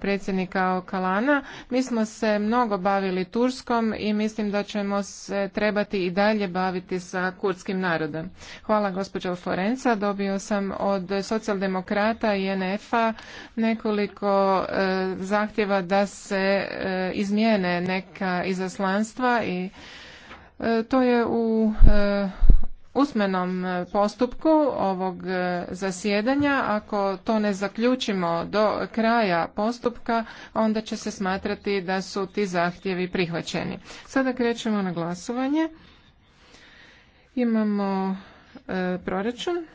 predsjednika Okalana. Mi smo se mnogo bavili Turskom i mislim da ćemo se trebati i dalje baviti sa kurdskim narodom. Hvala gospođo Forenca. Dobio sam od socijaldemokrata i NF-a nekoliko e, zahtjeva da se e, izmijene neka izaslanstva i e, to je u usmenom e, postupku ovog e, zasjedanja. Ako to ne zaključimo do kraja postupka, onda će se smatrati da su ti zahtjevi prihvaćeni. Sada krećemo na glasovanje. Imamo e, proračun.